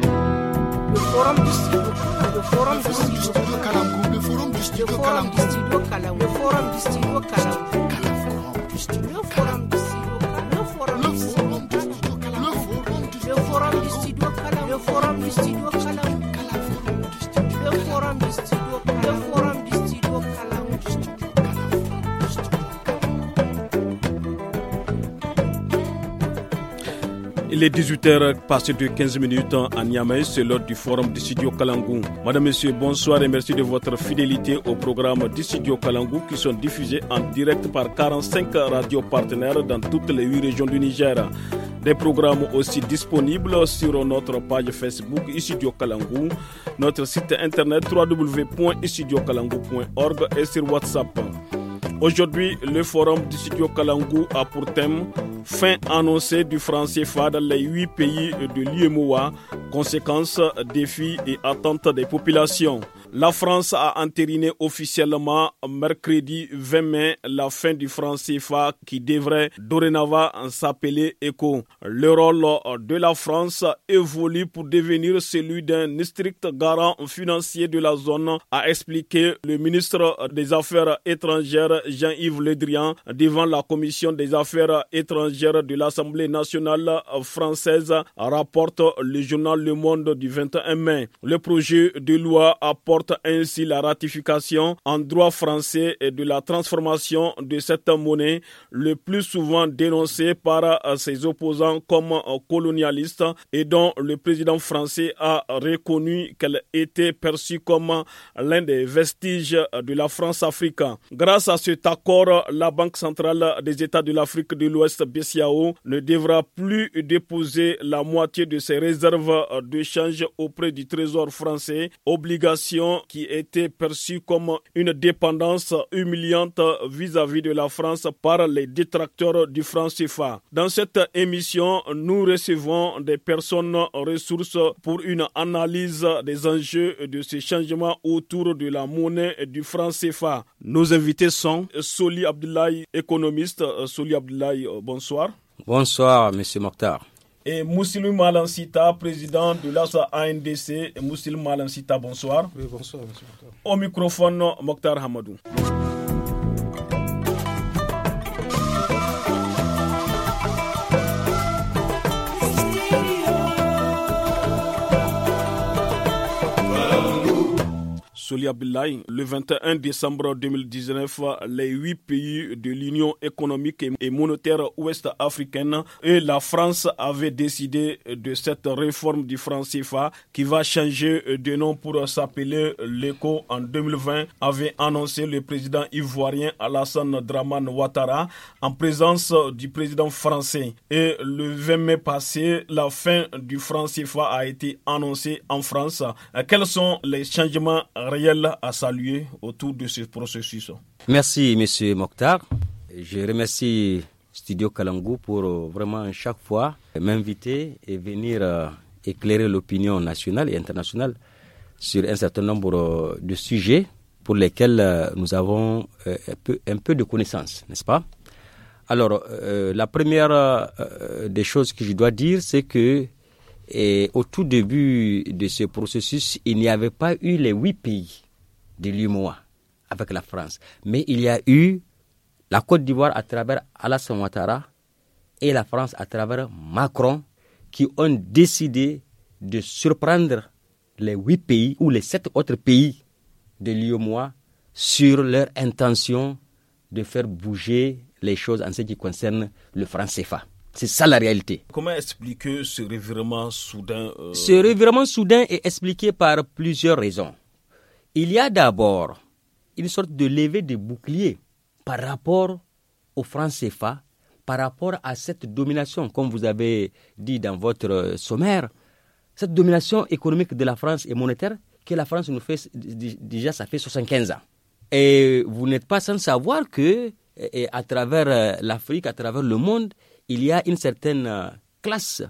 le forum du le forum du le forum du le forum du le forum du le forum du le forum du le forum Il 18h passé de 15 minutes à Niamey, c'est l'heure du forum d'Issidio Kalangou. Madame, Monsieur, bonsoir et merci de votre fidélité au programme d'Issidio Kalangou qui sont diffusés en direct par 45 radios partenaires dans toutes les 8 régions du Niger. Des programmes aussi disponibles sur notre page Facebook Issidio Kalangou, notre site internet www.issidiokalangu.org et sur WhatsApp. Aujourd'hui, le forum du studio Kalangu a pour thème Fin annoncée du franc CFA dans les huit pays de l'UMOA, conséquences, défis et attentes des populations. La France a entériné officiellement mercredi 20 mai la fin du franc CFA qui devrait dorénavant s'appeler ECO. Le rôle de la France évolue pour devenir celui d'un strict garant financier de la zone, a expliqué le ministre des Affaires étrangères Jean-Yves Le Drian devant la commission des Affaires étrangères de l'Assemblée nationale française, rapporte le journal Le Monde du 21 mai. Le projet de loi apporte ainsi la ratification en droit français de la transformation de cette monnaie, le plus souvent dénoncée par euh, ses opposants comme euh, colonialiste et dont le président français a reconnu qu'elle était perçue comme euh, l'un des vestiges de la france africaine. Grâce à cet accord, la Banque centrale des États de l'Afrique de l'Ouest, BCAO, ne devra plus déposer la moitié de ses réserves de change auprès du Trésor français, obligation qui était perçue comme une dépendance humiliante vis-à-vis de la France par les détracteurs du franc CFA. Dans cette émission, nous recevons des personnes ressources pour une analyse des enjeux de ces changements autour de la monnaie du franc CFA. Nos invités sont Soli Abdoulaye, économiste. Soli Abdoulaye, bonsoir. Bonsoir, Monsieur Mokhtar. Et Moussilou Malansita, président de l'ASA ANDC. Moussilou Malansita, bonsoir. bonsoir, monsieur. Au microphone, Mokhtar Hamadou. le 21 décembre 2019, les huit pays de l'Union économique et monétaire ouest africaine et la France avaient décidé de cette réforme du franc CFA qui va changer de nom pour s'appeler l'ECO en 2020, avait annoncé le président ivoirien Alassane Draman Ouattara en présence du président français. Et le 20 mai passé, la fin du franc CFA a été annoncée en France. Quels sont les changements réels à saluer autour de ce processus. Merci, Monsieur Mokhtar. Je remercie Studio Kalangou pour euh, vraiment chaque fois m'inviter et venir euh, éclairer l'opinion nationale et internationale sur un certain nombre euh, de sujets pour lesquels nous avons un peu, un peu de connaissances, n'est-ce pas Alors, la première des choses que je dois dire, c'est que au tout début de ce processus, il n'y avait pas eu les huit pays de l'UMOA avec la France, mais il y a eu la Côte d'Ivoire à travers Alassane Ouattara et la France à travers Macron qui ont décidé de surprendre les huit pays ou les sept autres pays de l'UMOA sur leur intention de faire bouger les choses en ce qui concerne le franc CFA. C'est ça la réalité. Comment expliquer ce revirement soudain euh, Ce revirement soudain est expliqué par plusieurs raisons. Il y a d'abord une sorte de levée des boucliers par rapport au franc CFA, par rapport à cette domination, comme vous avez dit dans votre sommaire, cette domination économique de la France et monétaire que la France nous fait déjà, ça fait 75 ans. Et vous n'êtes pas sans savoir que, à travers euh, l'Afrique, à travers le monde, il y a une certaine euh, classe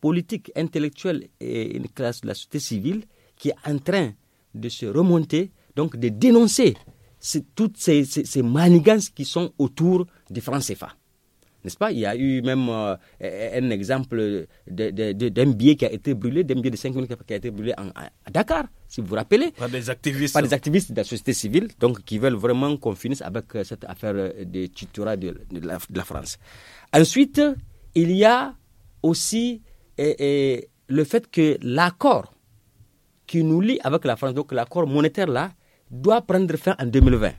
politique, intellectuelle et une classe de la société civile qui est en train de se remonter, donc de dénoncer toutes ces, manigances qui sont autour du franc CFA. N'est-ce pas Il y a eu même euh, un exemple d'un billet qui a été brûlé, d'un de 5 000 qui a été brûlé à Dakar, si vous vous rappelez. Par des activistes. des activistes de la société civile, donc qui veulent vraiment qu'on finisse avec euh, cette affaire de tutorat de la France. Ensuite, il y a aussi eh, eh, le fait que l'accord qui nous lie avec la France, donc l'accord monétaire là, doit prendre fin en 2020.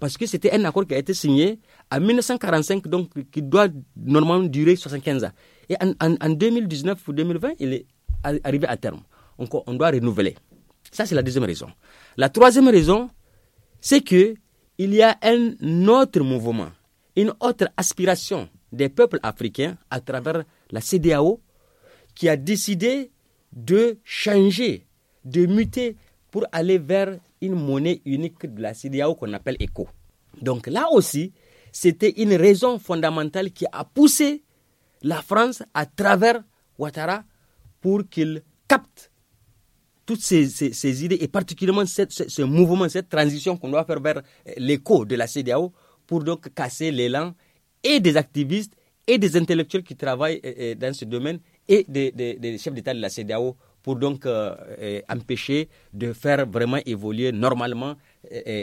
Parce que c'était un accord qui a été signé en 1945, donc qui doit normalement durer 75 ans. Et en, 2019 ou 2020, il est arrivé à terme. on, on doit renouveler. Ça, c'est la deuxième raison. La troisième raison, c'est qu'il y a un autre mouvement, une autre aspiration des peuples africains à travers la CDAO qui a décidé de changer, de muter pour aller vers une monnaie unique de la CDAO qu'on appelle ECO. Donc là aussi, c'était une raison fondamentale qui a poussé la France à travers Ouattara pour qu'il capte toutes ces, idées et particulièrement ce, ce, mouvement, cette transition qu'on doit faire vers l'écho de la CDAO pour donc casser l'élan et des activistes et des intellectuels qui travaillent euh, euh, dans ce domaine et des, chefs d'État de la CDAO pour donc euh, empêcher de faire vraiment évoluer normalement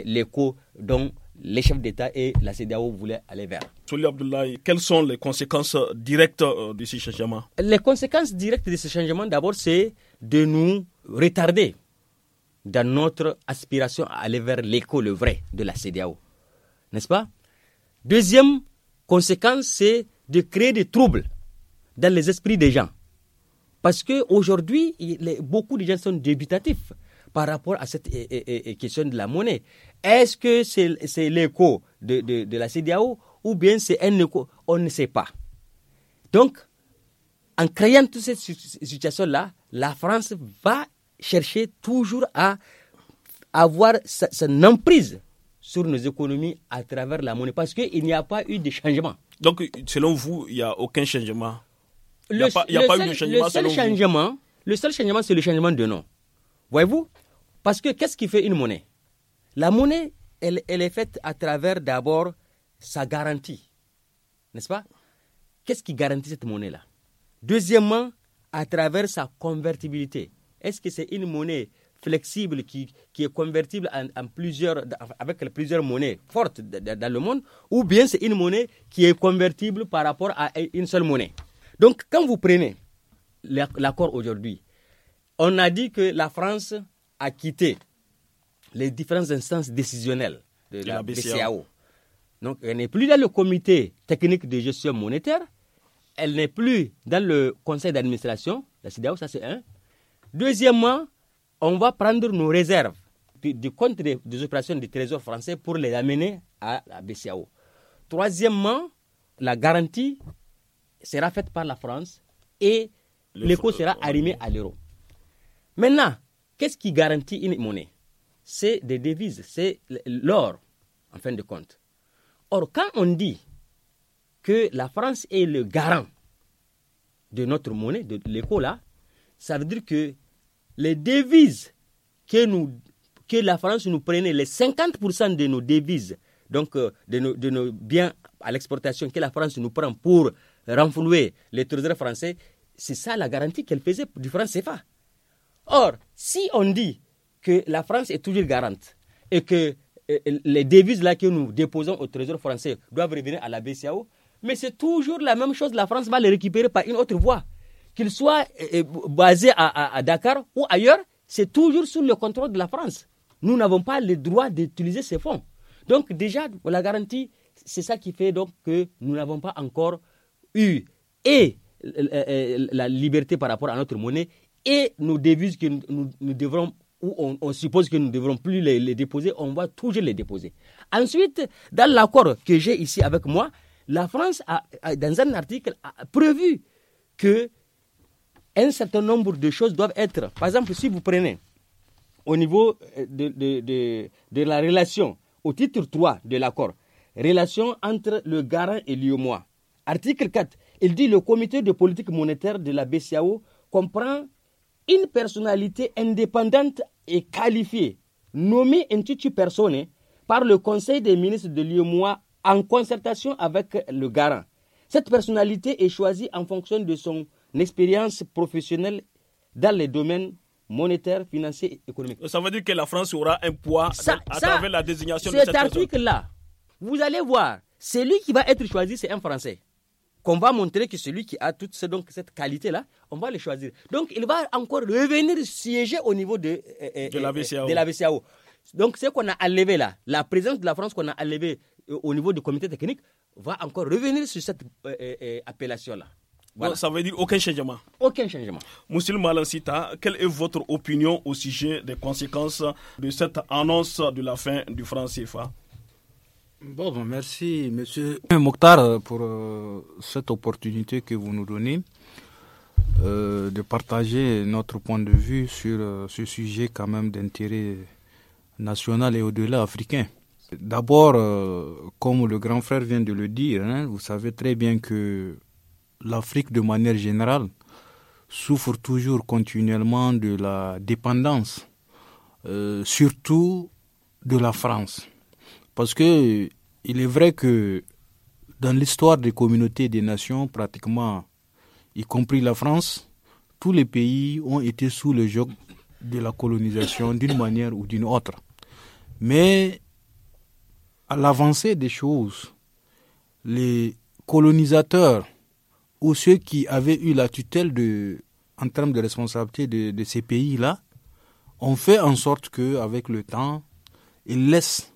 l'écho dont les chefs d'État et la CDAO voulaient aller vers. Souli Abdoulaye, quelles sont les conséquences directes de ce changement Les conséquences directes de ce changement, d'abord, c'est de nous retarder dans notre aspiration à aller vers l'écho, le vrai, de la CDAO. N'est-ce pas Deuxième conséquence, c'est de créer des troubles dans les esprits des gens. Parce qu'aujourd'hui, beaucoup de gens sont débutatifs par rapport à cette question de la monnaie. Est-ce que c'est l'écho de, de, la CDAO ou bien c'est un écho On ne sait pas. Donc, en créant toute cette situation-là, la France va chercher toujours à avoir son emprise sur nos économies à travers la monnaie parce qu'il n'y a pas eu de changement. Donc, selon vous, il n'y a aucun changement Il n'y a, pas, eu de changement le seul changement, c'est le changement de nom. Voyez-vous Parce que qu'est-ce qui fait une monnaie La monnaie, elle, elle est faite à travers d'abord sa garantie. N'est-ce pas Qu'est-ce qui garantit cette monnaie-là Deuxièmement, à travers sa convertibilité. Est-ce que c'est une monnaie flexible qui, qui est convertible en, plusieurs, avec plusieurs monnaies fortes dans le monde, ou bien c'est une monnaie qui est convertible par rapport à une seule monnaie. Donc quand vous prenez l'accord aujourd'hui, on a dit que la France a quitté les différentes instances décisionnelles de, la, BCAO. Donc elle n'est plus dans le comité technique de gestion monétaire, elle n'est plus dans le conseil d'administration, la CDAO, ça c'est un. Deuxièmement, on va prendre nos réserves du, compte des, opérations du Trésor français pour les amener à la BCAO. Troisièmement, la garantie sera faite par la France et l'écho sera euh, arrimé à l'euro. Maintenant, qu'est-ce qui garantit une monnaie C'est des devises, c'est l'or, en fin de compte. Or, quand on dit que la France est le garant de notre monnaie, de l'écho là, ça veut dire que les devises que, nous, que la France nous prenait, les 50% de nos devises, donc euh, de nos, biens à l'exportation que la France nous prend pour renflouer les trésors français, c'est ça la garantie qu'elle faisait du franc CFA. Or, si on dit que la France est toujours garante et que euh, les devises là que nous déposons au trésor français doivent revenir à la BCAO, mais c'est toujours la même chose, la France va les récupérer par une autre voie qu'il soit euh, euh, basé à, Dakar ou ailleurs, c'est toujours sous le contrôle de la France. Nous n'avons pas le droit d'utiliser ces fonds. Donc déjà, la garantie, c'est ça qui fait donc que nous n'avons pas encore eu et euh, la liberté par rapport à notre monnaie et nos devises que nous, devrons on, suppose que nous ne devrons plus les, déposer, on va toujours les déposer. Ensuite, dans l'accord que j'ai ici avec moi, la France, dans un article, a prévu que un certain nombre de choses doivent être. Par exemple, si vous prenez au niveau euh, de, la relation, au titre 3 de l'accord, relation entre le garant et l'IOMOA. Article 4, il dit le comité de politique monétaire de la BCAO comprend une personnalité indépendante et qualifiée, nommée en titre personnel par le Conseil des ministres de l'IOMOA en concertation avec le garant. Cette personnalité est choisie en fonction de son une expérience professionnelle dans les domaines monétaires, financiers et économiques. Ça veut dire que la France aura un poids à travers la désignation de cette Cet article-là, vous allez voir, celui qui va être choisi, c'est un Français. Qu'on va montrer que celui qui a toute donc, cette qualité-là, on va le choisir. Donc, il va encore revenir siéger au niveau de, euh, euh, la euh, VCAO. Donc, ce qu'on a enlevé là, la présence de la France qu'on a enlevée au niveau du comité technique, va encore revenir sur cette appellation-là ça veut dire aucun changement. Aucun changement. Moussil Malansita, quelle est votre opinion au sujet des conséquences de cette annonce de la fin du franc CFA Bon, merci, monsieur Mokhtar, pour euh, cette opportunité que vous nous donnez euh, de partager notre point de vue sur euh, ce sujet, quand même, d'intérêt national et au-delà africain. D'abord, comme le grand frère vient de le dire, hein, vous savez très bien que l'Afrique de manière générale souffre toujours continuellement de la dépendance, euh, surtout de la France. Parce que il est vrai que dans l'histoire des communautés des nations, pratiquement, y compris la France, tous les pays ont été sous le joug de la colonisation d'une manière ou d'une autre. Mais à l'avancée des choses, les colonisateurs ou ceux qui avaient eu la tutelle de, en termes de responsabilité de, ces pays-là, ont fait en sorte que, avec le temps, ils laissent,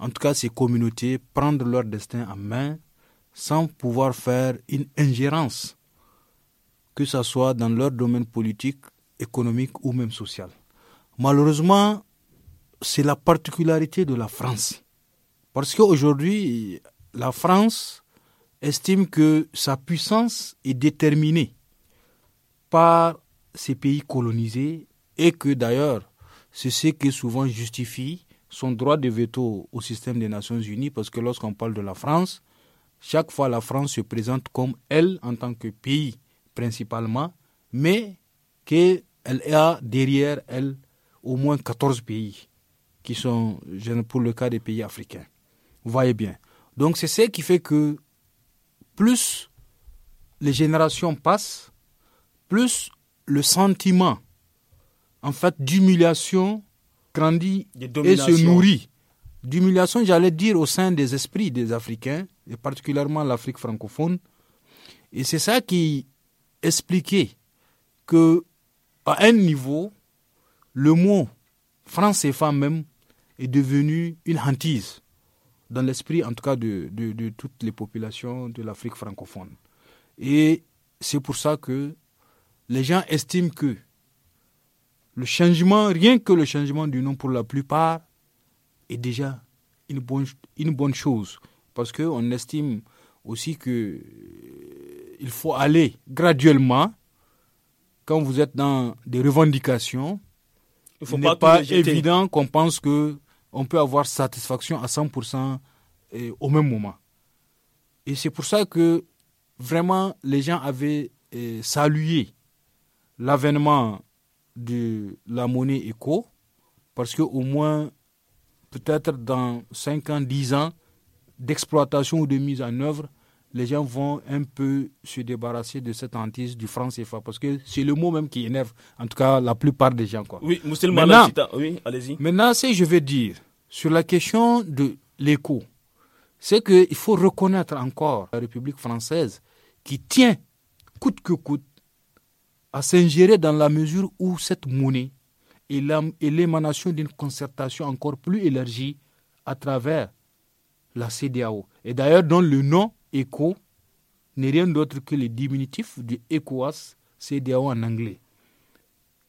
en tout cas, ces communautés prendre leur destin en main sans pouvoir faire une ingérence, que ce soit dans leur domaine politique, économique ou même social. Malheureusement, c'est la particularité de la France. Parce qu'aujourd'hui, la France estime que sa puissance est déterminée par ces pays colonisés et que d'ailleurs c'est ce qui souvent justifie son droit de veto au système des Nations Unies parce que lorsqu'on parle de la France, chaque fois la France se présente comme elle en tant que pays principalement, mais qu'elle a derrière elle au moins 14 pays qui sont pour le cas des pays africains. Vous voyez bien. Donc c'est ce qui fait que plus les générations passent, plus le sentiment en fait d'humiliation grandit et se nourrit. D'humiliation, j'allais dire, au sein des esprits des Africains, et particulièrement l'Afrique francophone. Et c'est ça qui expliquait que, à un niveau, le mot et femme, même est devenu une hantise dans l'esprit en tout cas de, toutes les populations de l'Afrique francophone. Et c'est pour ça que les gens estiment que le changement, rien que le changement du nom pour la plupart, est déjà une bonne, une bonne chose. Parce qu'on estime aussi que euh, il faut aller graduellement quand vous êtes dans des revendications. Il, faut n'est pas évident qu'on pense que on peut avoir satisfaction à 100% au même moment. Et c'est pour ça que vraiment les gens avaient salué l'avènement de la monnaie éco, parce qu'au moins, peut-être dans 5 ans, 10 ans d'exploitation ou de mise en œuvre, les gens vont un peu se débarrasser de cette hantise du franc CFA parce que c'est le mot même qui énerve, en tout cas la plupart des gens. Oui, Mousselman oui, allez-y. Maintenant, ce que je veux dire sur la question de l'écho, c'est qu'il faut reconnaître encore la République française qui tient coûte que coûte à s'ingérer dans la mesure où cette monnaie est l'émanation d'une concertation encore plus élargie à travers la CDAO. Et d'ailleurs, dont le nom ECO n'est rien d'autre que le diminutif du ECOAS CDAO en anglais.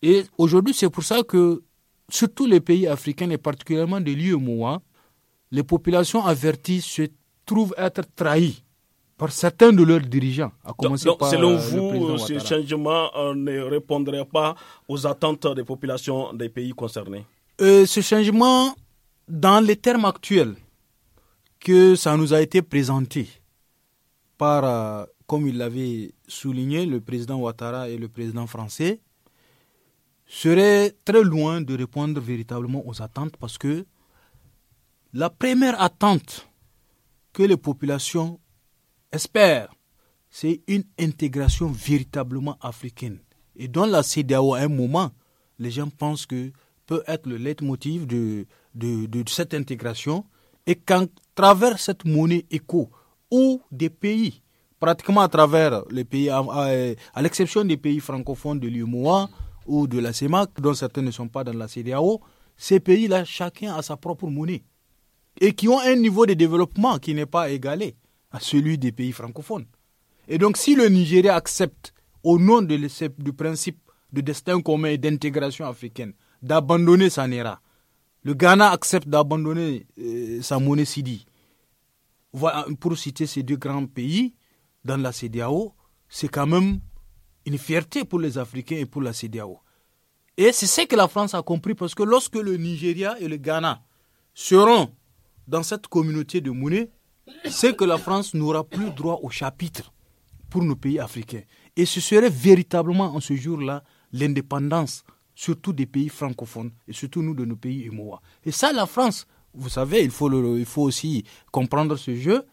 Et aujourd'hui, c'est pour ça que sur tous les pays africains et particulièrement de l'UMOA, les populations averties se trouvent être trahies par certains de leurs dirigeants, à commencer Selon vous, ce changement euh, ne répondrait pas aux attentes des populations des pays concernés euh, Ce changement, dans les termes actuels que ça nous a été présenté, par, euh, comme il l'avait souligné, le président Ouattara et le président français, serait très loin de répondre véritablement aux attentes parce que la première attente que les populations espèrent, c'est une intégration véritablement africaine. Et dans la CDAO, à un moment, les gens pensent que peut être le leitmotiv de, cette intégration et qu'en travers cette monnaie éco, ou des pays, pratiquement à travers les pays, à, l'exception des pays francophones de l'UMOA ou de la CEMAC, dont certains ne sont pas dans la CDAO, ces pays-là, chacun a sa propre monnaie et qui ont un niveau de développement qui n'est pas égalé à celui des pays francophones. Et donc si le Nigeria accepte, au nom de du principe de destin commun et d'intégration africaine, d'abandonner sa NERA, le Ghana accepte d'abandonner euh, sa monnaie Sidi, euh, pour citer ces deux grands pays dans la CDAO, c'est quand même une fierté pour les Africains et pour la CDAO. Et c'est ce que la France a compris parce que lorsque le Nigeria et le Ghana seront dans cette communauté de monnaie, c'est que la France n'aura plus droit au chapitre pour nos pays africains. Et ce serait véritablement en ce jour-là l'indépendance, surtout des pays francophones et surtout nous de nos pays UMOA. Et ça, la France vous savez, il faut, il faut aussi comprendre ce jeu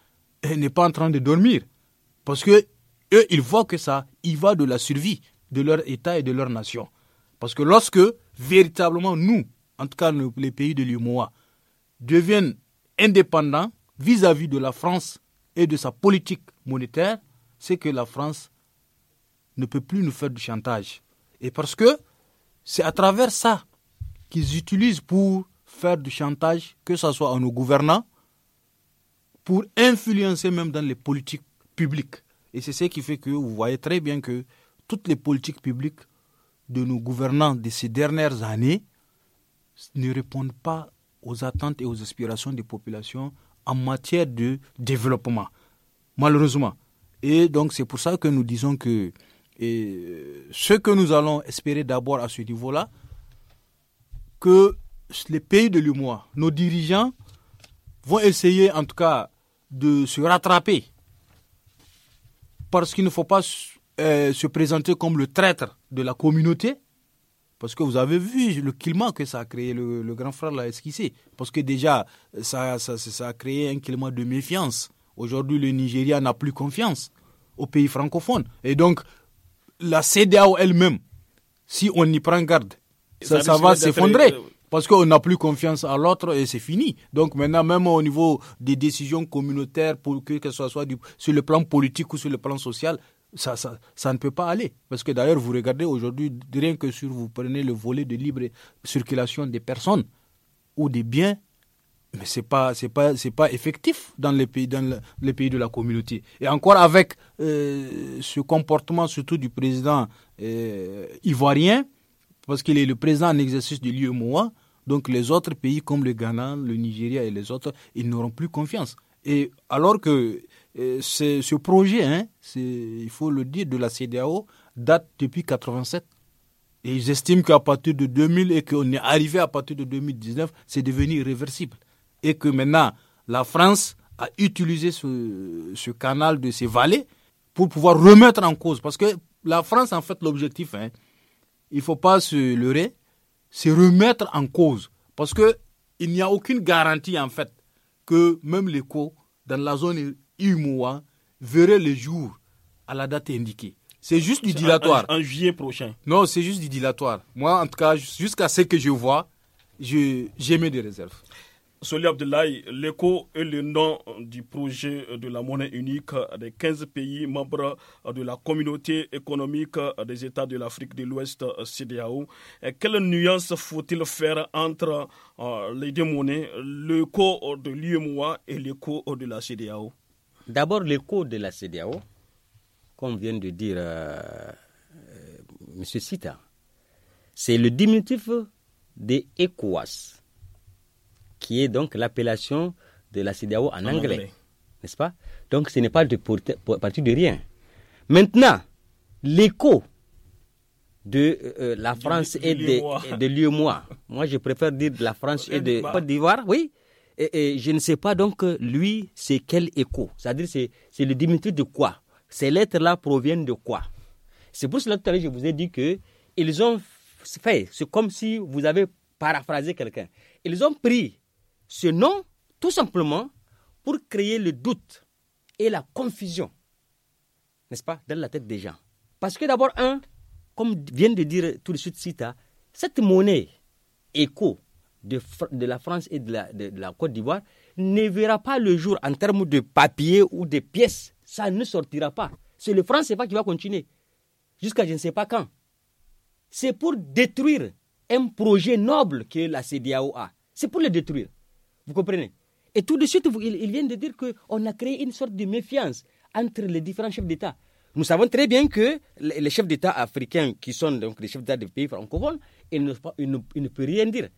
et n'est pas en train de dormir. Parce que eux, ils voient que ça, il va de la survie de leur État et de leur nation. Parce que lorsque véritablement nous, en tout cas les pays de l'UMOA, deviennent indépendants vis à -vis de la France et de sa politique monétaire, c'est que la France ne peut plus nous faire du chantage. Et parce que c'est à travers ça qu'ils utilisent pour faire du chantage, que ce soit à nos gouvernants, pour influencer même dans les politiques publiques. Et c'est ce qui fait que vous voyez très bien que toutes les politiques publiques de nos gouvernants de ces dernières années ne répondent pas aux attentes et aux aspirations des populations en matière de développement, malheureusement. Et donc c'est pour ça que nous disons que euh, ce que nous allons espérer d'abord à ce niveau-là, que les pays de l'UMOA, nos dirigeants vont essayer en tout cas de se rattraper. Parce qu'il ne faut pas euh, se présenter comme le traître de la communauté. Parce que vous avez vu le climat que ça a créé, le, grand frère l'a esquissé. Parce que déjà, ça, ça, a créé un climat de méfiance. Aujourd'hui, le Nigeria n'a plus confiance aux pays francophones. Et donc, la CDAO elle-même, si on y prend garde, ça va s'effondrer. Euh, parce qu'on n'a plus confiance à l'autre et c'est fini. Donc maintenant, même au niveau des décisions communautaires, pour que, que ce soit sur le plan politique ou sur le plan social, ça, ça, ne peut pas aller. Parce que d'ailleurs, vous regardez aujourd'hui, rien que sur vous prenez le volet de libre circulation des personnes ou des biens, mais ce n'est pas, pas, pas effectif dans les pays, dans pays de la communauté. Et encore avec euh, ce comportement, surtout du président euh, ivoirien, parce qu'il est le président en exercice de mois. Donc les autres pays comme le Ghana, le Nigeria et les autres, ils n'auront plus confiance. Et alors que euh, ce projet, hein, il faut le dire, de la CDAO date depuis 87. Et ils qu'à partir de 2000 et qu'on est arrivé à partir de 2019, c'est devenu irréversible. Et que maintenant, la France a utilisé ce, canal de ces vallées pour pouvoir remettre en cause. Parce que la France, en fait, l'objectif, hein, il ne faut pas se leurrer, c'est remettre en cause. Parce qu'il n'y a aucune garantie, en fait, que même l'écho, dans la zone IMOA verrait le jour à la date indiquée. C'est juste du dilatoire. En, juillet prochain. Non, c'est juste du dilatoire. Moi, en tout cas, jusqu'à ce que je vois, j'émets des réserves. Soli Abdelai, l'écho est le nom du projet de la monnaie unique des 15 pays membres de la communauté économique des États de l'Afrique de l'Ouest, CDAO. quelle nuance faut-il faire entre euh, les deux monnaies, l'écho de l'UMOA et l'écho de la CDAO D'abord, l'écho de la CDAO, comme vient de dire Monsieur euh, M. Sita, c'est le diminutif des ECOWAS qui est donc l'appellation de la CDAO en, anglais. N'est-ce pas Donc ce n'est pas de partir de rien. Maintenant, l'écho de euh, euh, la France et de, de l'UEMOA. Moi, je préfère dire de la France et de Côte d'Ivoire, oui. Et, je ne sais pas donc, euh, lui, c'est quel écho C'est-à-dire, c'est le diminutif de quoi Ces lettres-là proviennent de quoi C'est pour cela que je vous ai dit que ils ont fait, c'est comme si vous avez paraphrasé quelqu'un. Ils ont pris ce nom, tout simplement, pour créer le doute et la confusion, n'est-ce pas, dans la tête des gens. Parce que d'abord, un, comme vient de dire tout de suite Sita, cette monnaie écho de, la France et de la, la Côte d'Ivoire ne verra pas le jour en termes de papier ou de pièces. Ça ne sortira pas. C'est le franc CFA qui va continuer jusqu'à je ne sais pas quand. C'est pour détruire un projet noble que la CDAO a. C'est pour le détruire. Vous comprenez Et tout de suite, vous, il, vient de dire qu'on a créé une sorte de méfiance entre les différents chefs d'État. Nous savons très bien que les chefs d'État africains, qui sont donc les chefs d'État des pays francophones, ils ne, peuvent rien dire.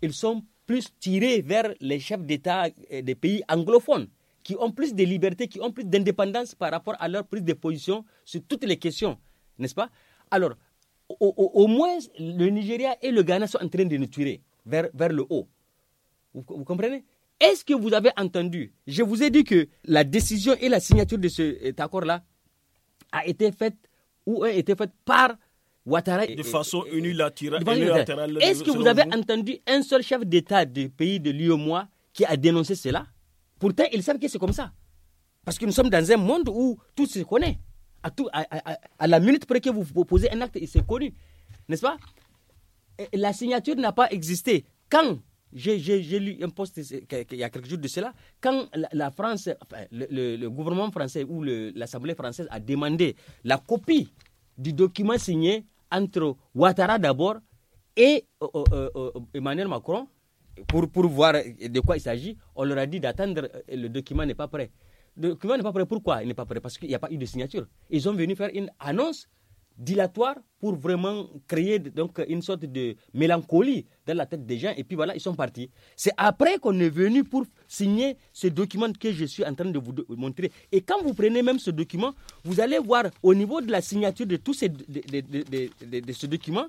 Ils sont plus tirés vers les chefs d'État euh, des pays anglophones qui ont plus de liberté, qui ont plus d'indépendance par rapport à leur prise de position sur toutes les questions, n'est-ce pas Alors, au, moins, le Nigeria et le Ghana sont en train de nous tirer vers le haut. Vous, comprenez Est-ce que vous avez entendu Je vous ai dit que la décision et la signature de cet accord-là a été faite ou a été faite par Ouattara. De façon unilatérale. Est-ce que vous avez entendu un seul chef d'État du pays de l'UOMOA qui a dénoncé cela Pourtant, ils savent que c'est comme ça. Parce que nous sommes dans un monde où tout se connaît. À, la minute près que vous proposez un acte, il s'est connu. N'est-ce pas La signature n'a pas existé. Quand j'ai lu un poste il y a quelques jours de cela. Quand la, France, le, gouvernement français ou l'Assemblée française a demandé la copie du document signé entre Ouattara d'abord et euh, euh, euh, Emmanuel Macron, pour, pour voir de quoi il s'agit, on leur a dit d'attendre, le document n'est pas prêt. Le document n'est pas prêt, pourquoi il n'est pas prêt Parce qu'il n'y a pas eu de signature. Ils ont venu faire une annonce dilatoire pour vraiment créer donc une sorte de mélancolie dans la tête des gens et puis voilà ils sont partis. C'est après qu'on est venu pour signer ce document que je suis en train de vous montrer et quand vous prenez même ce document vous allez voir au niveau de la signature de tous ces, de, de, de, ce document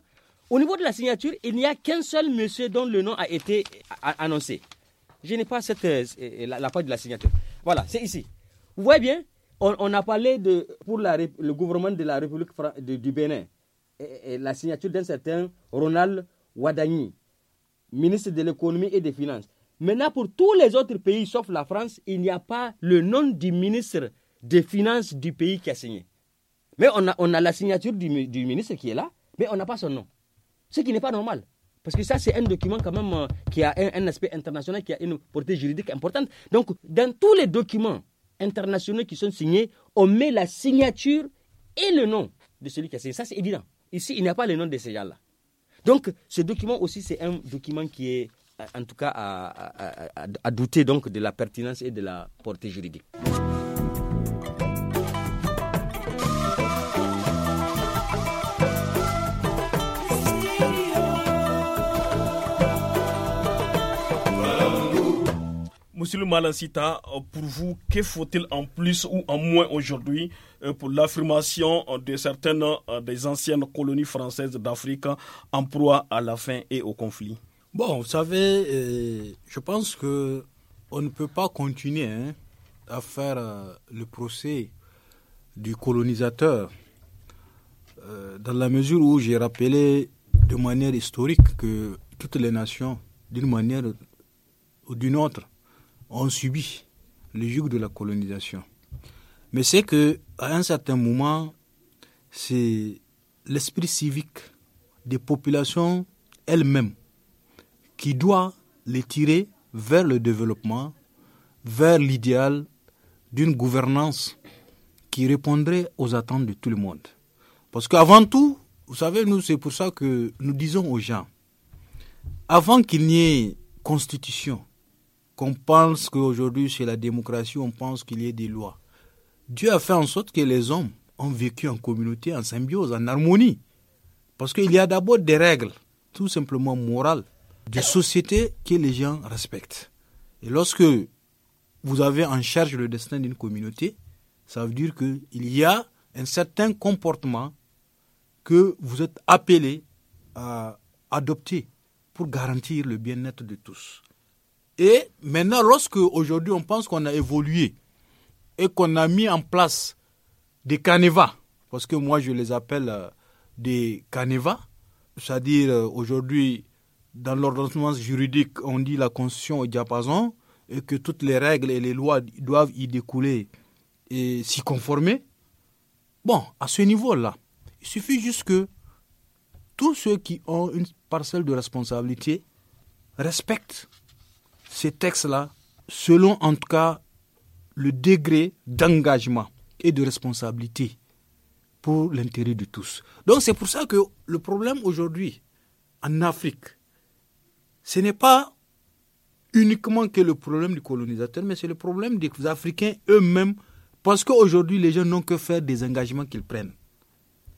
au niveau de la signature il n'y a qu'un seul monsieur dont le nom a été annoncé. Je n'ai pas cette euh, la, la page de la signature. Voilà c'est ici. Vous voyez bien on, a parlé de, pour le gouvernement de la République du Bénin, et, la signature d'un certain Ronald Ouadani, ministre de l'économie et des finances. Maintenant, pour tous les autres pays sauf la France, il n'y a pas le nom du ministre des Finances du pays qui a signé. Mais on a, la signature du, ministre qui est là, mais on n'a pas son nom. Ce qui n'est pas normal. Parce que ça, c'est un document quand même euh, qui a un, aspect international, qui a une portée juridique importante. Donc, dans tous les documents internationaux qui sont signés, on met la signature et le nom de celui qui a signé. Ça, c'est évident. Ici, il n'y a pas le nom de ces gens-là. Donc, ce document aussi, c'est un document qui est, en tout cas, à, douter donc de la pertinence et de la portée juridique. Monsieur Malacita, euh, pour vous, que faut-il en plus ou en moins aujourd'hui euh, pour l'affirmation euh, de certaines des anciennes colonies françaises d'Afrique en proie à la faim et au conflit Bon, vous savez, je pense que on ne peut pas continuer hein, à faire le procès du colonisateur dans la mesure où j'ai rappelé de manière historique que toutes les nations, d'une manière ou d'une autre, ont subi le joug de la colonisation. Mais c'est que à un certain moment, c'est l'esprit civique des populations elles-mêmes qui doit les tirer vers le développement, vers l'idéal d'une gouvernance qui répondrait aux attentes de tout le monde. Parce qu'avant tout, vous savez, nous, c'est pour ça que nous disons aux gens, avant qu'il n'y ait constitution, qu'on pense qu'aujourd'hui c'est la démocratie, on pense qu'il y ait des lois. Dieu a fait en sorte que les hommes ont vécu en communauté, en symbiose, en harmonie. Parce qu'il y a d'abord des règles, tout simplement morales, des sociétés que les gens respectent. Et lorsque vous avez en charge le destin d'une communauté, ça veut dire qu'il y a un certain comportement que vous êtes appelé à adopter pour garantir le bien-être de tous. Et maintenant, lorsque aujourd'hui on pense qu'on a évolué et qu'on a mis en place des canevas, parce que moi je les appelle euh, des canevas, c'est-à-dire euh, aujourd'hui dans l'ordonnance juridique on dit la constitution est diapason et que toutes les règles et les lois doivent y découler et s'y conformer. Bon, à ce niveau-là, il suffit juste que tous ceux qui ont une parcelle de responsabilité respectent ces textes-là, selon en tout cas le degré d'engagement et de responsabilité pour l'intérêt de tous. Donc c'est pour ça que le problème aujourd'hui en Afrique, ce n'est pas uniquement que le problème du colonisateur, mais c'est le problème des Africains eux-mêmes, parce qu'aujourd'hui les gens n'ont que faire des engagements qu'ils prennent.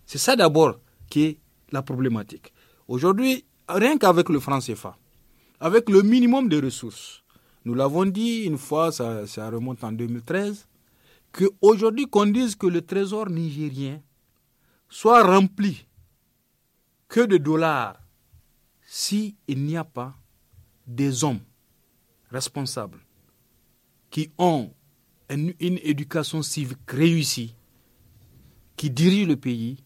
C'est ça d'abord qui est la problématique. Aujourd'hui, rien qu'avec le franc CFA, avec le minimum de ressources. Nous l'avons dit une fois, ça, remonte en 2013, qu'aujourd'hui qu'on dise que le trésor nigérien soit rempli que de dollars s'il n'y a pas des hommes responsables qui ont une, éducation civique réussie, qui dirigent le pays,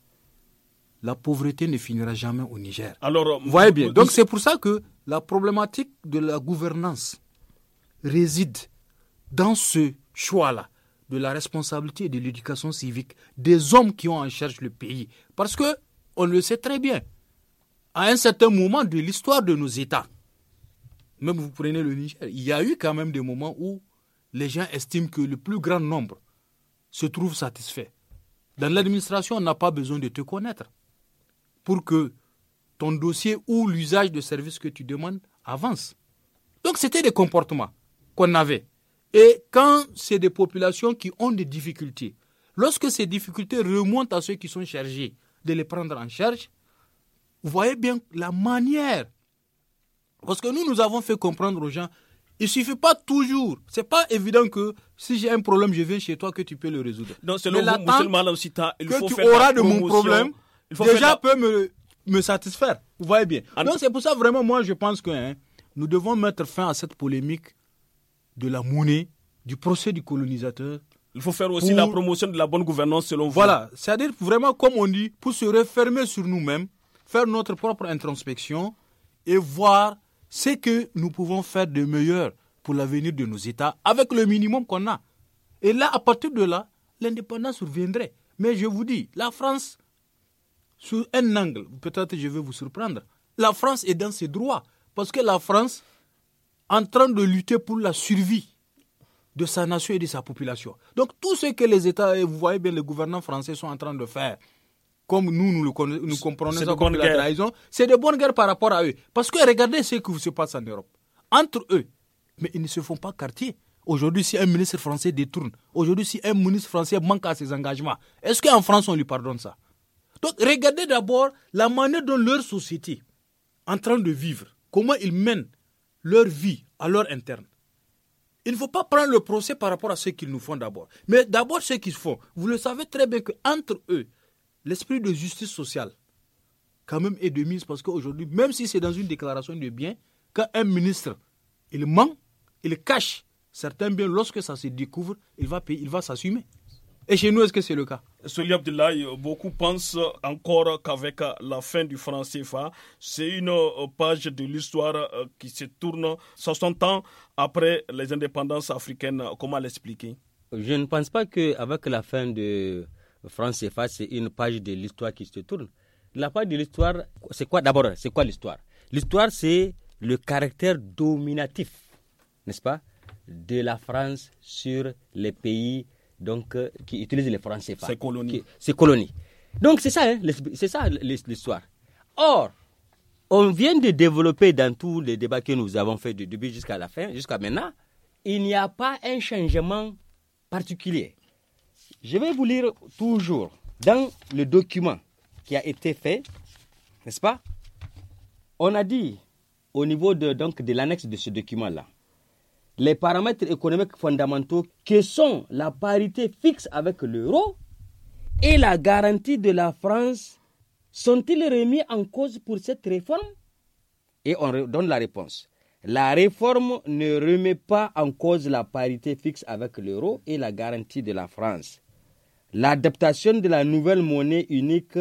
la pauvreté ne finira jamais au Niger. Euh, Vous voyez bien. Euh, Donc c'est pour ça que la problématique de la gouvernance réside dans ce choix-là de la responsabilité et de l'éducation civique des hommes qui ont en charge le pays. Parce que, on le sait très bien, à un certain moment de l'histoire de nos États, même vous prenez le Niger, il y a eu quand même des moments où les gens estiment que le plus grand nombre se trouve satisfait. Dans l'administration, on n'a pas besoin de te connaître pour que ton dossier ou l'usage de service que tu demandes avance. Donc c'était des comportements qu'on avait. Et quand c'est des populations qui ont des difficultés, lorsque ces difficultés remontent à ceux qui sont chargés de les prendre en charge, vous voyez bien la manière. Parce que nous, nous avons fait comprendre aux gens, il ne suffit pas toujours. Ce n'est pas évident que si j'ai un problème, je viens chez toi, que tu peux le résoudre. Non, selon Mais vous, il faut que tu auras de mon problème, il faut déjà la... peut me me satisfaire. Vous voyez bien. Donc c'est pour ça vraiment, moi, je pense que hein, nous devons mettre fin à cette polémique de la monnaie, du procès du colonisateur. Il faut faire aussi la promotion de la bonne gouvernance selon vous. Voilà, c'est-à-dire vraiment, comme on dit, pour se refermer sur nous-mêmes, faire notre propre introspection et voir ce que nous pouvons faire de meilleur pour l'avenir de nos États avec le minimum qu'on a. Et là, à partir de là, l'indépendance reviendrait. Mais je vous dis, la France, sur un angle, peut-être je vais vous surprendre, la France est dans ses droits. Parce que la France est en train de lutter pour la survie de sa nation et de sa population. Donc tout ce que les États, et vous voyez bien, les gouvernants français sont en train de faire, comme nous, nous, le, comprenons ça comme la trahison, c'est de bonnes guerres par rapport à eux. Parce que regardez ce qui se passe en Europe. Entre eux, mais ils ne se font pas quartier. Aujourd'hui, si un ministre français détourne, aujourd'hui, si un ministre français manque à ses engagements, est-ce qu'en France, on lui pardonne ça donc regardez d'abord la manière dont leur société est en train de vivre, comment ils mènent leur vie à leur interne. Il ne faut pas prendre le procès par rapport à ce qu'ils nous font d'abord. Mais d'abord ce qu'ils font. Vous le savez très bien qu'entre eux, l'esprit de justice sociale, quand même, est de mise parce qu'aujourd'hui, même si c'est dans une déclaration de biens, quand un ministre, il ment, il cache certains biens, lorsque ça se découvre, il va payer, il va s'assumer. Et chez nous, est-ce que c'est le cas Souli Abdoulaye, beaucoup pensent encore qu'avec la fin du franc CFA, c'est une euh, page de l'histoire euh, qui se tourne 60 ans après les indépendances africaines. Comment l'expliquer Je ne pense pas qu'avec la fin du franc CFA, c'est une page de l'histoire qui se tourne. La page de l'histoire, c'est quoi d'abord C'est quoi l'histoire L'histoire, c'est le caractère dominatif, n'est-ce pas, de la France sur les pays donc, euh, qui utilisent les francs CFA. Ces colonies. Donc, c'est ça, hein, c'est ça l'histoire. Or, on vient de développer dans tous les débats que nous avons faits du début jusqu'à la fin, jusqu'à maintenant, il n'y a pas un changement particulier. Je vais vous lire toujours dans le document qui a été fait, n'est-ce pas On a dit au niveau de, donc, de l'annexe de ce document-là, les paramètres économiques fondamentaux que sont la parité fixe avec l'euro et la garantie de la France sont-ils remis en cause pour cette réforme Et on donne la réponse. La réforme ne remet pas en cause la parité fixe avec l'euro et la garantie de la France. L'adaptation de la nouvelle monnaie unique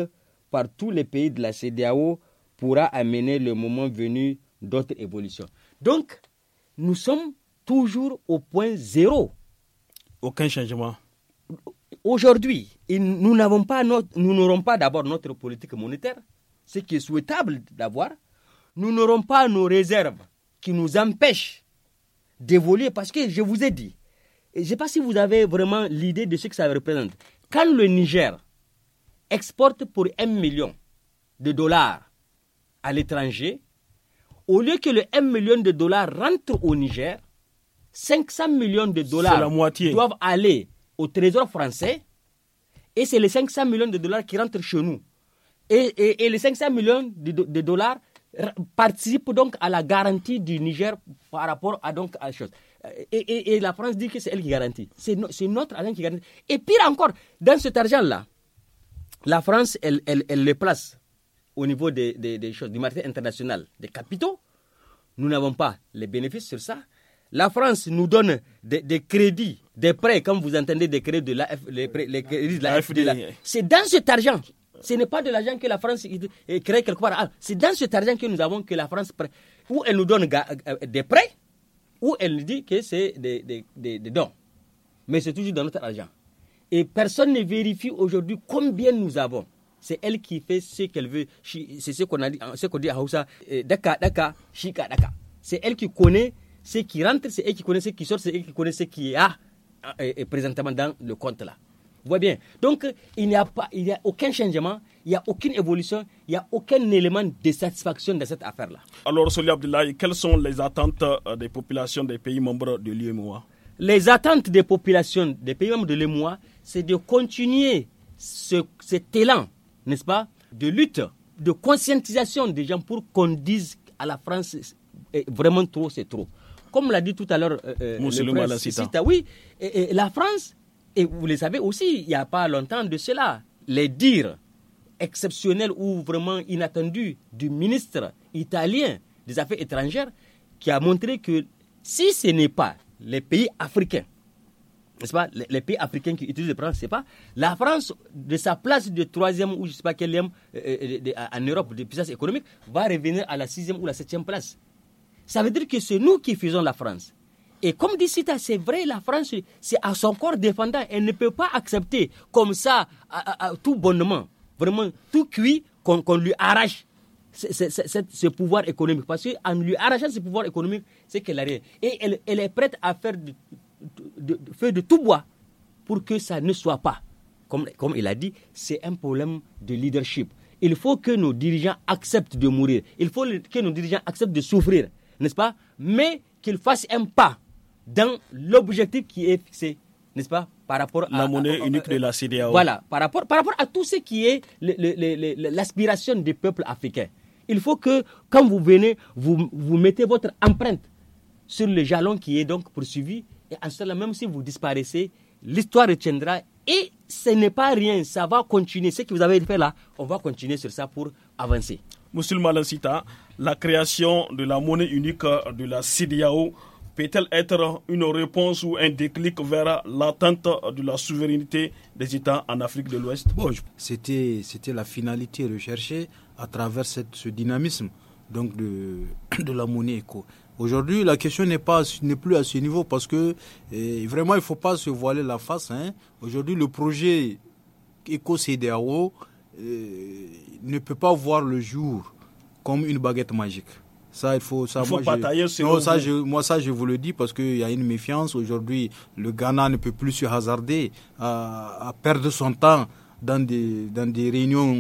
par tous les pays de la CDAO pourra amener le moment venu d'autres évolutions. Donc, nous sommes toujours au point zéro. Aucun changement. Aujourd'hui, nous n'avons pas nous n'aurons pas d'abord notre politique monétaire, ce qui est souhaitable d'avoir. Nous n'aurons pas nos réserves qui nous empêchent d'évoluer parce que je vous ai dit, je ne sais pas si vous avez vraiment l'idée de ce que ça représente. Quand le Niger exporte pour un million de dollars à l'étranger, au lieu que le 1 million de dollars rentre au Niger, 500 millions de dollars doivent aller au trésor français et c'est les 500 millions de dollars qui rentrent chez nous. Et, et, les 500 millions de, dollars participent donc à la garantie du Niger par rapport à, donc, à la chose. Euh, et, et la France dit que c'est elle qui garantit. C'est notre argent qui garantit. Et pire encore, dans cet argent-là, la France, elle, elle, elle, le place au niveau des, des, des choses, du marché international, des capitaux. Nous n'avons pas les bénéfices sur ça. La France nous donne des, crédits, des prêts, comme vous entendez des crédits de la, F, C'est dans cet argent. Ce n'est pas de l'argent que la France crée quelque part. Ah, c'est dans cet argent que nous avons que la France prête. Ou elle nous donne euh, euh, des prêts, ou elle nous dit que c'est des, dons. Mais c'est toujours dans notre argent. Et personne ne vérifie aujourd'hui combien nous avons. C'est elle qui fait ce qu'elle veut. C'est ce qu'on dit, dit à Hausa. Euh, daka, daka, chika, daka. C'est elle qui connaît ceux qui rentrent, c'est eux qui connaissent, qui sortent, c'est eux qui connaissent, qui a présentement dans le compte là. Vous voyez bien. Donc, il n'y a, il y a aucun changement, il n'y a aucune évolution, il n'y a aucun élément de satisfaction dans cette affaire-là. Alors, Soli Abdoulaye, quelles sont euh, les attentes des populations des pays membres de l'UMOA Les attentes des populations des pays membres de l'UMOA, c'est de continuer cet élan, n'est-ce pas, de lutte, de conscientisation des gens pour qu'on dise à la France, vraiment trop, c'est trop comme l'a dit tout à l'heure euh, euh, le oui, la France, et vous le savez aussi, il n'y a pas longtemps de cela, les dires exceptionnels ou vraiment inattendus du ministre italien des Affaires étrangères qui a montré que si ce n'est pas les pays africains, n'est-ce pas, les, pays africains qui utilisent le franc, c'est pas la France de sa place de troisième ou je sais pas quelle euh, en Europe de puissance économique va revenir à la sixième ou la septième place. Ça veut dire que c'est nous qui faisons la France. Et comme dit Sita, c'est vrai, la France, c'est à son corps défendant. Elle ne peut pas accepter comme ça, à, tout bonnement, vraiment tout cuit, qu'on lui arrache ce, pouvoir économique. Parce qu'en lui arrachant ce pouvoir économique, c'est qu'elle a Et elle, est prête à faire de, de, de tout bois pour que ça ne soit pas. Comme, comme il a dit, c'est un problème de leadership. Il faut que nos dirigeants acceptent de mourir. Il faut que nos dirigeants acceptent de souffrir n'est-ce pas Mais qu'il fasse un pas dans l'objectif qui est fixé, n'est-ce pas Par rapport à la monnaie unique de la CDAO. Voilà, par rapport, par rapport à tout ce qui est l'aspiration des peuples africains. Il faut que quand vous venez, vous, vous mettez votre empreinte sur le jalon qui est donc poursuivi. Et en cela, même si vous disparaissez, l'histoire retiendra et ce n'est pas rien, ça va continuer. Ce que vous avez fait là, on va continuer sur ça pour avancer. Moussoul cita, la création de la monnaie unique euh, de la CDAO peut-elle être une réponse ou un déclic vers l'attente de la souveraineté des États en Afrique de l'Ouest C'était la finalité recherchée à travers ce dynamisme donc de, la monnaie éco. Aujourd'hui, la question n'est plus à ce niveau parce que eh, vraiment il ne faut pas se voiler la face. Hein. Aujourd'hui, le projet éco-CDAO euh, ne peut pas voir le jour comme une baguette magique. Ça, il faut, moi, non, ça, je, moi, ça, je vous le dis parce qu'il y a une méfiance. Aujourd'hui, le Ghana ne peut plus se hasarder à, perdre son temps dans des, dans des réunions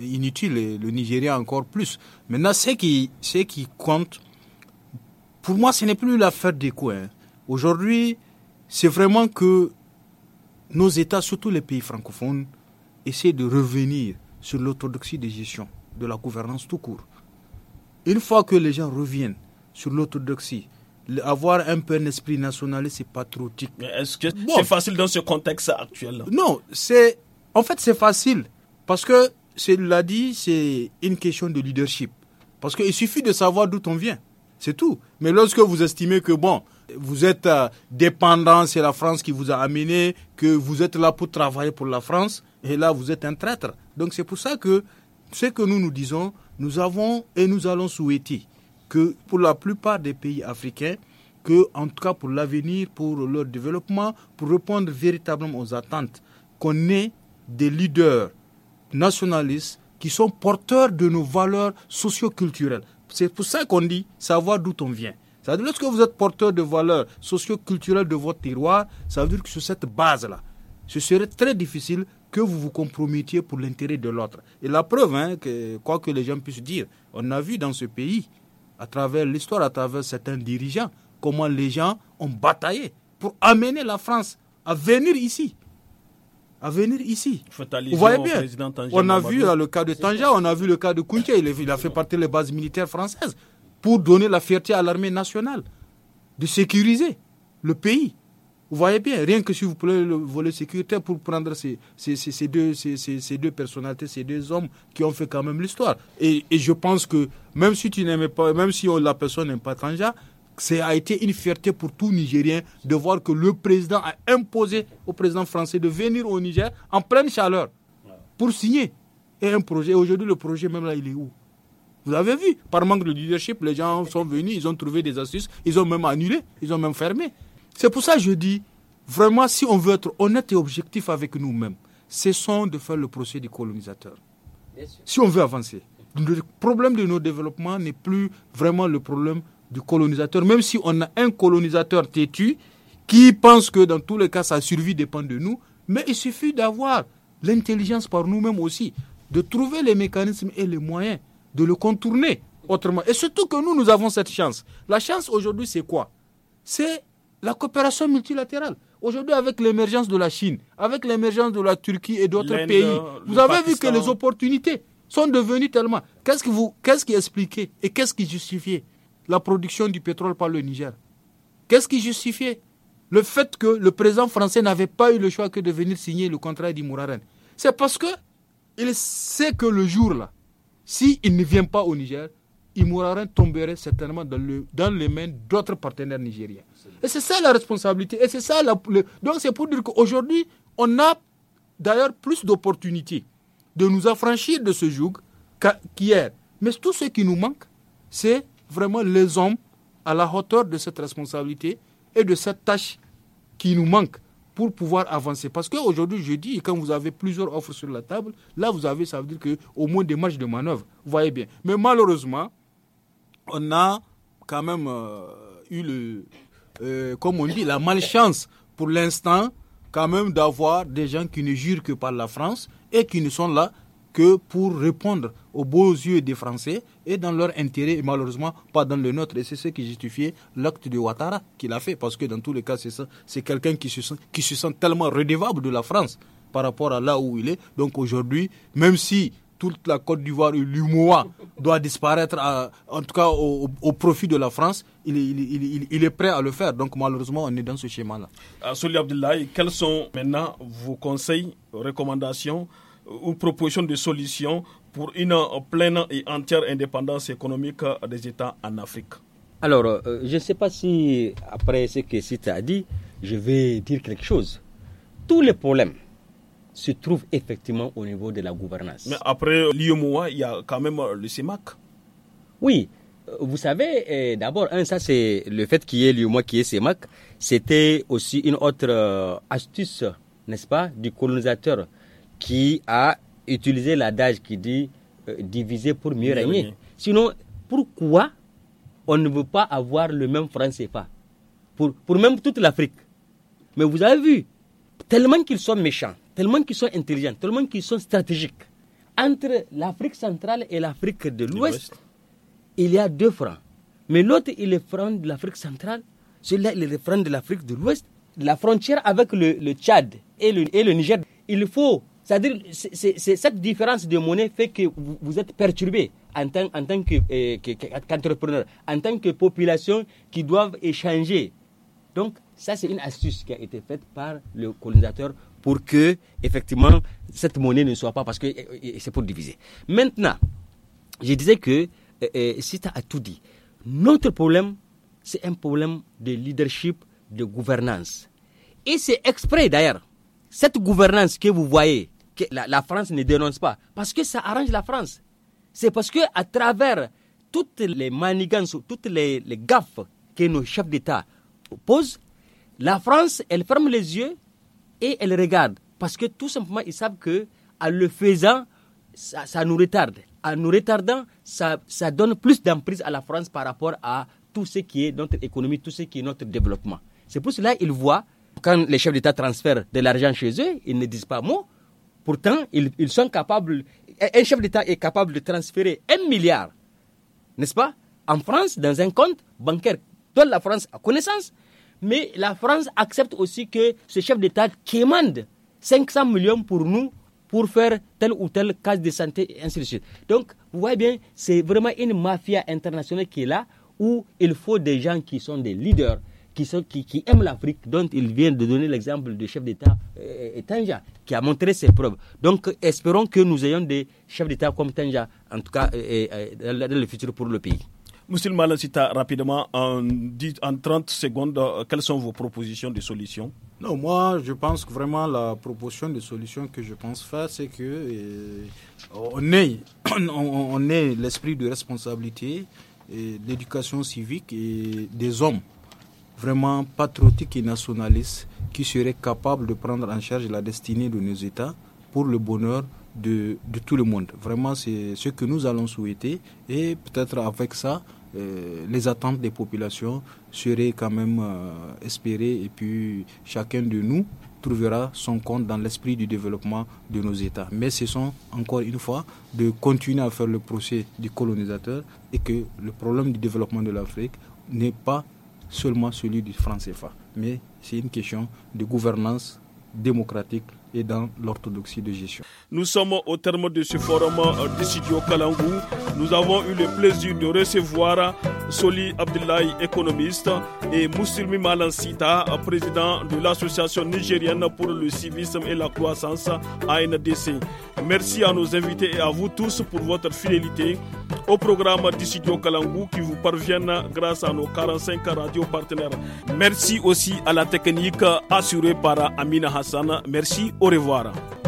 inutiles et le Nigeria encore plus. Maintenant, ce qui, qui compte, pour moi, ce n'est plus l'affaire des coins. Aujourd'hui, c'est vraiment que nos États, surtout les pays francophones, essayer de revenir sur l'orthodoxie de gestion, de la gouvernance tout court. Une fois que les gens reviennent sur l'orthodoxie, avoir un peu un esprit nationaliste et patriotique. Mais est-ce que c'est facile dans ce contexte actuel Non, c'est en fait c'est facile parce que l'a dit, c'est une question de leadership. Parce qu'il suffit de savoir d'où on vient. C'est tout. Mais lorsque vous estimez que, bon, vous êtes euh, dépendant, c'est la France qui vous a amené, que vous êtes là pour travailler pour la France, et là, vous êtes un traître. Donc c'est pour ça que ce que nous nous disons, nous avons et nous allons souhaiter que pour la plupart des pays africains, que en tout cas pour l'avenir, pour leur développement, pour répondre véritablement aux attentes, qu'on ait des leaders nationalistes qui sont porteurs de nos valeurs socioculturelles. C'est pour ça qu'on dit savoir d'où on vient. Ça veut dire lorsque vous êtes porteur de valeurs socioculturelles de votre terroir, ça veut dire que sur cette base-là, ce serait très difficile que vous vous compromettiez pour l'intérêt de l'autre. Et la preuve, hein, que, quoi que les gens puissent dire, on a vu dans ce pays, à travers l'histoire, à travers certains dirigeants, comment les gens ont bataillé pour amener la France à venir ici. À venir ici. Vous voyez bien, on a vu euh, le cas de Tanja, on a vu le cas de Kunti. il, il a fait partir les bases militaires françaises pour donner la fierté à l'armée nationale, de sécuriser le pays. Vous voyez bien, rien que si vous prenez le volet sécurité pour prendre ces, deux, ces, deux personnalités, ces deux hommes qui ont fait quand même l'histoire. Et, je pense que même si tu n'aimais pas, même si la personne n'aime pas Tanja, ça a été une fierté pour tout Nigérien de voir que le président a imposé au président français de venir au Niger en pleine chaleur pour signer et un projet. Aujourd'hui, le projet, même là, il est où Vous avez vu, par manque de leadership, les gens sont venus, ils ont trouvé des astuces, ils ont même annulé, ils ont même fermé. C'est pour ça que je dis, vraiment, si on veut être honnête et objectif avec nous-mêmes, cessons de faire le procès du colonisateur. Si on veut avancer. Le problème de nos développements n'est plus vraiment le problème du colonisateur, même si on a un colonisateur têtu qui pense que dans tous les cas sa survie dépend de nous, mais il suffit d'avoir l'intelligence par nous-mêmes aussi, de trouver les mécanismes et les moyens de le contourner autrement. Et surtout que nous, nous avons cette chance. La chance aujourd'hui, c'est quoi C'est la coopération multilatérale. Aujourd'hui, avec l'émergence de la Chine, avec l'émergence de la Turquie et d'autres pays, vous avez vu que les opportunités sont devenues tellement. Qu'est-ce qui, vous, expliquait et qu'est-ce qui justifiait la production du pétrole par le Niger Qu'est-ce qui justifiait le fait que le président français n'avait pas eu le choix que de venir signer le contrat d'Imouraren C'est parce que il sait que le jour-là, s'il ne vient pas au Niger, Imouraren tomberait certainement dans, le, dans les mains d'autres partenaires nigériens. Et c'est ça la responsabilité. Et c'est ça la, donc c'est pour dire qu'aujourd'hui, on a d'ailleurs plus d'opportunités de nous affranchir de ce joug qu'hier. Mais tout ce qui nous manque, c'est vraiment les hommes à la hauteur de cette responsabilité et de cette tâche qui nous manque pour pouvoir avancer. Parce qu'aujourd'hui, je dis, quand vous avez plusieurs offres sur la table, là, vous avez, ça veut dire qu'au moins des marges de manœuvre. Vous voyez bien. Mais malheureusement, on a quand même euh, eu le, euh, comme on dit, la malchance pour l'instant, quand même, d'avoir des gens qui ne jurent que par la France et qui ne sont là que pour répondre aux beaux yeux des Français et dans leur intérêt et malheureusement pas dans le nôtre. Et c'est ce qui justifiait l'acte de Ouattara qu'il a fait parce que dans tous les cas, c'est quelqu'un qui se, sent, qui se sent tellement redevable de la France par rapport à là où il est. Donc aujourd'hui, même si toute la Côte d'Ivoire, l'UMOA doit disparaître, euh, en tout cas au, profit de la France, il, il, est prêt à le faire. Donc malheureusement, on est dans ce schéma-là. Euh, Souli Abdoulaye, quels sont maintenant vos conseils, recommandations euh, ou propositions de solutions pour une pleine et entière indépendance économique des États en Afrique Alors, je ne sais pas si, après ce que Sita a dit, je vais dire quelque chose. Tous les problèmes se trouve effectivement au niveau de la gouvernance. Mais après l'IOMOA, il y a quand même euh, le CEMAC. Oui, euh, vous savez, euh, d'abord, ça c'est le fait qu'il y ait l'IOMOA, qui est CEMAC, c'était aussi une autre astuce, n'est-ce pas, du colonisateur qui a utilisé l'adage qui dit diviser pour mieux régner. Sinon, pourquoi on ne veut pas avoir le même franc CFA pour, pour même toute l'Afrique Mais vous avez vu, tellement qu'ils sont méchants tellement qu'ils sont intelligents, tellement qu'ils sont stratégiques. Entre l'Afrique centrale et l'Afrique de l'Ouest, il y a deux francs. Mais l'autre, il est franc de l'Afrique centrale, celui-là, il est franc de l'Afrique de l'Ouest. La frontière avec le, le Tchad et le, et le, Niger, il faut. C'est-à-dire, cette différence de monnaie fait que vous, êtes perturbé en tant, en tant euh, qu'entrepreneur, en tant que population qui doivent échanger. Donc, ça, c'est une astuce qui a été faite par le colonisateur pour que, effectivement, cette monnaie ne soit pas parce que euh, euh, c'est pour diviser. Maintenant, je disais que si euh, Sita a tout dit. Notre problème, c'est un problème de leadership, de gouvernance. Et c'est exprès d'ailleurs. Cette gouvernance que vous voyez, que la, France ne dénonce pas, parce que ça arrange la France. C'est parce que à travers toutes les manigances, toutes les, les gaffes que nos chefs d'État posent, la France, elle ferme les yeux et elles regardent. Parce que tout simplement, ils savent que en le faisant, ça, nous retarde. En nous retardant, ça, donne plus d'emprise à la France par rapport à tout ce qui est notre économie, tout ce qui est notre développement. C'est pour cela qu'ils voient, quand les chefs d'État transfèrent de l'argent chez eux, ils ne disent pas mot. Pourtant, ils, ils sont capables, un chef d'État est capable de transférer un milliard, n'est-ce pas, en France, dans un compte bancaire dont la France a connaissance, mais la France accepte aussi que ce chef d'État quémande 500 millions pour nous pour faire telle ou telle case de santé, et ainsi de suite. Donc, vous voyez bien, c'est vraiment une mafia internationale qui est là, où il faut des gens qui sont des leaders, qui, sont, qui, aiment l'Afrique, dont il vient de donner l'exemple du chef d'État euh, euh, Tanja, qui a montré ses preuves. Donc, espérons que nous ayons des chefs d'État comme Tanja, en tout cas, euh, dans le futur pour le pays. Monsieur si rapidement, en, en 30 secondes, euh, quelles sont vos propositions de solutions Non, moi, je pense que vraiment la proposition de solution que je pense faire, c'est que euh, on ait, l'esprit de responsabilité, d'éducation civique et des hommes vraiment patriotiques et nationalistes qui seraient capables de prendre en charge la destinée de nos États pour le bonheur de, tout le monde. Vraiment, c'est ce que nous allons souhaiter et peut-être avec ça, euh, les attentes des populations seraient quand même euh, espérées et puis chacun de nous trouvera son compte dans l'esprit du développement de nos États. Mais ce sont, encore une fois, de continuer à faire le procès du colonisateur et que le problème du développement de l'Afrique n'est pas seulement celui du franc CFA, mais c'est une question de gouvernance démocratique et dans l'orthodoxie de gestion. Nous sommes au terme de ce forum euh, de studio Kalangou. Nous avons eu le plaisir de recevoir Soli Abdullahi, économiste, et Moussilmi Malansita, euh, président de l'Association nigérienne pour le civisme et la croissance, ANDC. Merci à nos invités et à vous tous pour votre fidélité au programme Dissidio Kalangou qui vous parviennent grâce à nos 45 radios partenaires. Merci aussi à la technique assurée par Amina Hassan. Merci au revoir.